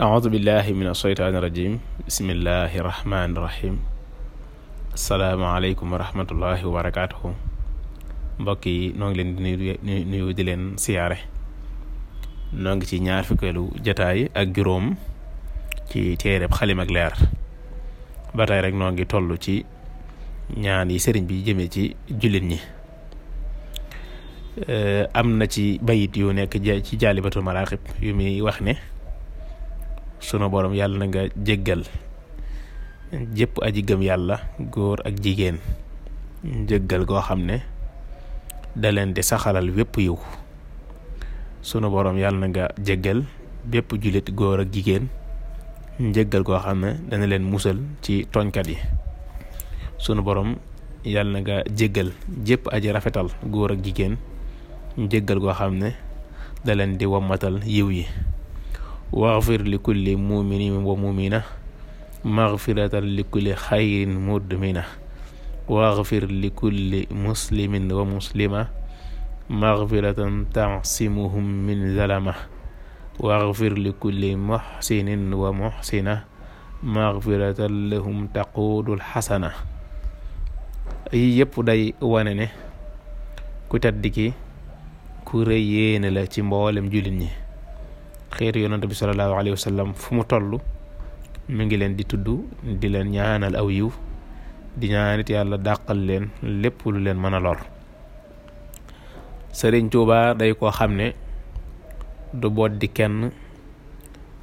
audu billahi min asheytaani irajim bismillahi rahmaani rahim yi noo ngi leen di di leen siyaare noo ngi ci ñaar jataay ak juróom ci téereb leer ba noo ngi toll ci ñaan sëriñ bi jëmee ci jullit ñi am na ci bayit yu nekk ci jaalibatul maraqib yu muy wax ne sunu borom yàlla na nga jéggal jépp aji gëm yàlla góor ak jigéen jéggal goo xam ne da leen di saxalal wépp yiw sunu borom yàlla na nga jéggal bépp jullit góor ak jigéen njëggal koo xam ne dana leen musal ci tooñkat yi sunu boroom yàlla na nga jéggal jépp aji rafetal góor ak jigéen njëggal goo xam ne da leen di wammatal yiw yi waxfir li kulli muminin wa mumina maxfiratan li kulli xayrin mudmina waxfir li kulli muslimin wa muslima maxfiratan taasimuhum min zalama waxfir li kulli muxsinin wa muxsina maxfiratan lahum taquudul xasana yi yëpp day wane ne ku tedd ku rëy la ci mboolem jullit ñi xeetu yonante bi salallaahu alayhi wa sallam fu mu toll mu ngi leen di tudd di leen ñaanal aw yiw di ñaanit yàlla dàqal leen lépp lu leen mën a lor sëriñ Tuuba day koo xam ne du boot di kenn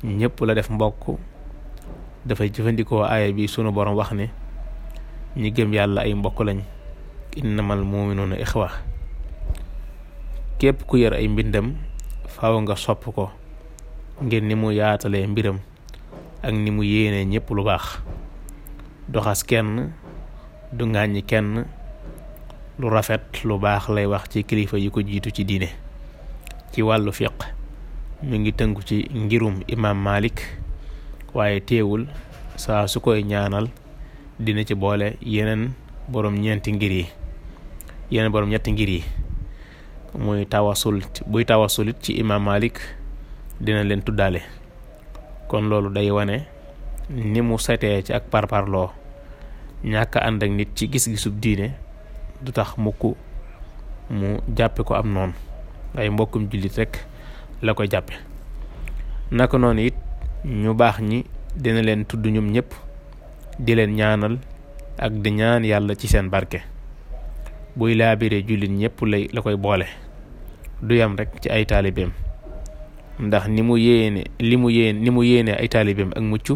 ñëpp la def mbokk dafay jëfandikoo aaya bi sunu borom wax ne ñi gëm yàlla ay mbokk lañ innamal muminuuna ixwa képp ku yar ay mbindam faw nga sopp ko ngir ni mu yaatale mbiram ak ni mu yéenee ñëpp lu baax doxas kenn du ŋàññi kenn lu rafet lu baax lay wax ci kilifa yi ko jiitu ci diine ci wàllu fiq mu ngi tënku ci ngirum imaam Malik waaye teewul saa su koy ñaanal dina ci boole yeneen borom ñeenti ngir yi yeneen borom muy tawasul buy tawasulit ci imaam Malik dina leen tuddaale kon loolu day wane ni mu setee ci ak parparloo ñàkk ànd ak nit ci gis-gisub diine du tax mukk mu jàppe ko am noonu ay mbokkum jullit rek la ko jàppe naka noonu it ñu baax ñi dina leen tudd ñoom ñëpp di leen ñaanal ak di ñaan yàlla ci seen barke buy laabire jullit ñëpp lay la koy boole du yam rek ci ay taalibeem ndax ni mu yéene li mu yéen ni mu yéene ay taalibeem ak mucc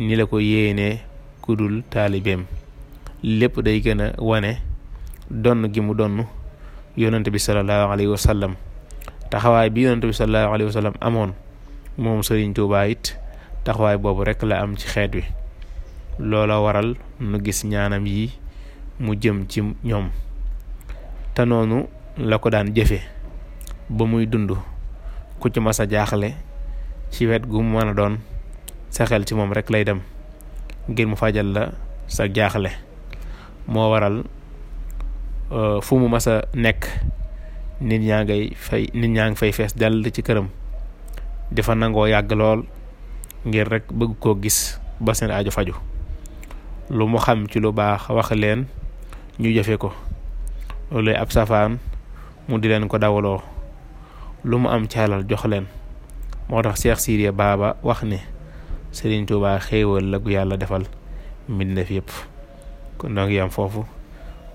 ni la ko yéene ku taalibeem lépp day gën a wane donn gi mu donn yonante bi sallallahu alayhi wa sallam taxawaay bi yonante bi sallallahu alayhi wa amoon moom Sëriñ Tuubaa taxawaay boobu rek la am ci xeet wi loola waral nu gis ñaanam yi mu jëm ci ñoom te noonu la ko daan jëfe ba muy dund ku ci mas a jaaxle ci wet gu mu mën a doon sa xel ci moom rek lay dem ngir mu fajal la sa jaaxle moo waral euh, fu mu mas a nekk nit ñaa ngay fay nit ñaa ngi fay fees dell ci këram dafa nangoo yàgg lool ngir rek bëgg koo gis ba seen ajo faju lu mu xam ci lu baax wax leen ñu jëfe ko loolu ab safaan mu di leen ko dawaloo lu mu am caalal jox leen moo tax Cheikh Sidiya Baba wax ne Serigne Touba xéewal la yàlla defal mbindeef yëpp kon noo ngi yam foofu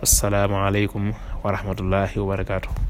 asalaamaaleykum wa rahmatullahi wa barakaatu.